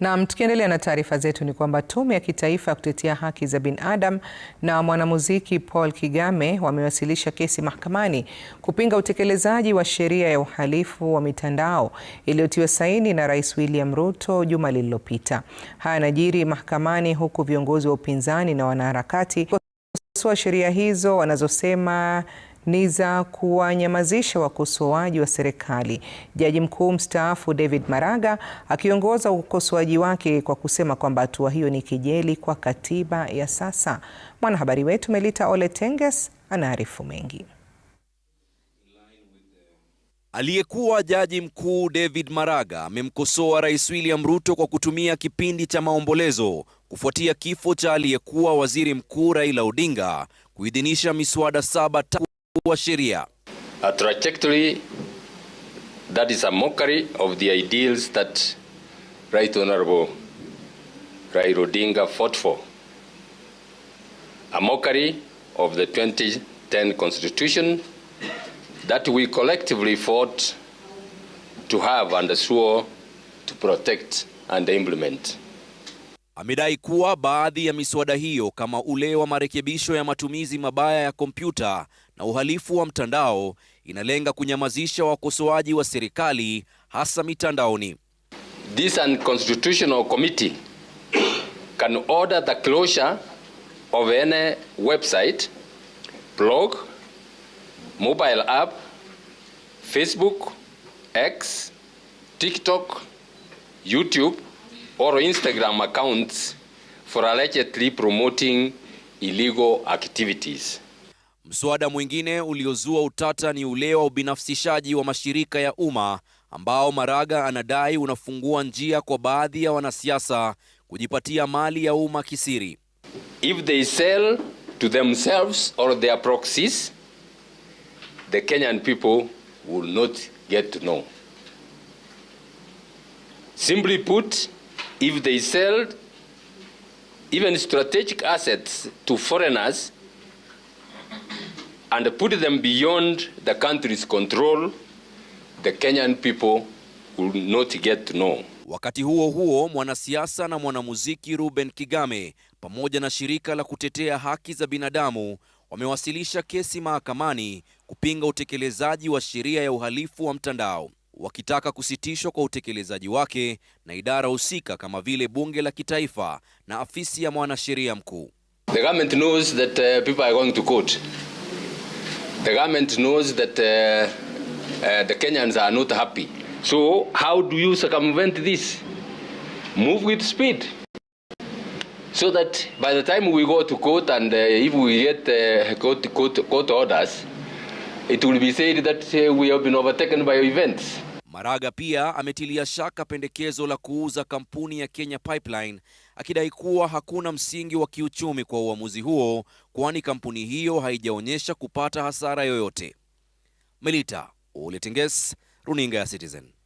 Nam, tukiendelea na taarifa zetu ni kwamba tume ya kitaifa ya kutetea haki za binadamu na mwanamuziki Paul Kigame wamewasilisha kesi mahakamani kupinga utekelezaji wa sheria ya uhalifu wa mitandao iliyotiwa saini na Rais William Ruto juma lililopita. Haya yanajiri mahakamani huku viongozi wa upinzani na wanaharakati kosoa sheria hizo wanazosema ni za kuwanyamazisha wakosoaji wa serikali. Jaji mkuu mstaafu David Maraga akiongoza ukosoaji wake kwa kusema kwamba hatua hiyo ni kijeli kwa katiba ya sasa. Mwanahabari wetu Melita Ole Tenges anaarifu mengi. Aliyekuwa jaji mkuu David Maraga amemkosoa Rais William Ruto kwa kutumia kipindi cha maombolezo kufuatia kifo cha aliyekuwa waziri mkuu Raila Odinga kuidhinisha miswada saba a trajectory that is a mockery of the ideals that Right Honorable Raila Odinga fought for, a mockery of the 2010 constitution that we collectively fought to have and swore to protect and implement. amedai kuwa baadhi ya miswada hiyo kama ule wa marekebisho ya matumizi mabaya ya kompyuta na uhalifu wa mtandao inalenga kunyamazisha wakosoaji wa serikali hasa mitandaoni. This unconstitutional committee can order the closure of any website, blog, mobile app, Facebook, X, TikTok, YouTube or Instagram accounts for allegedly promoting illegal activities. Mswada mwingine uliozua utata ni ule wa ubinafsishaji wa mashirika ya umma ambao Maraga anadai unafungua njia kwa baadhi ya wanasiasa kujipatia mali ya umma kisiri. If they sell to themselves or their proxies, the Kenyan people will not get to know. Simply put, if they sell even strategic assets to foreigners and put them beyond the country's control, the Kenyan people will not get to know. Wakati huo huo, mwanasiasa na mwanamuziki Ruben Kigame pamoja na shirika la kutetea haki za binadamu wamewasilisha kesi mahakamani kupinga utekelezaji wa sheria ya uhalifu wa mtandao wakitaka kusitishwa kwa utekelezaji wake na idara husika kama vile bunge la kitaifa na afisi ya mwanasheria mkuu. The government knows that uh, people are going to court. The government knows that uh, uh, the Kenyans are not happy. So how do you circumvent this? Move with speed. So that by the time we go to court and uh, if we get uh, court, court, court orders, it will be said that uh, we have been overtaken by events. Maraga pia ametilia shaka pendekezo la kuuza kampuni ya Kenya Pipeline akidai kuwa hakuna msingi wa kiuchumi kwa uamuzi huo kwani kampuni hiyo haijaonyesha kupata hasara yoyote. Melita Oletenges, Runinga ya Citizen.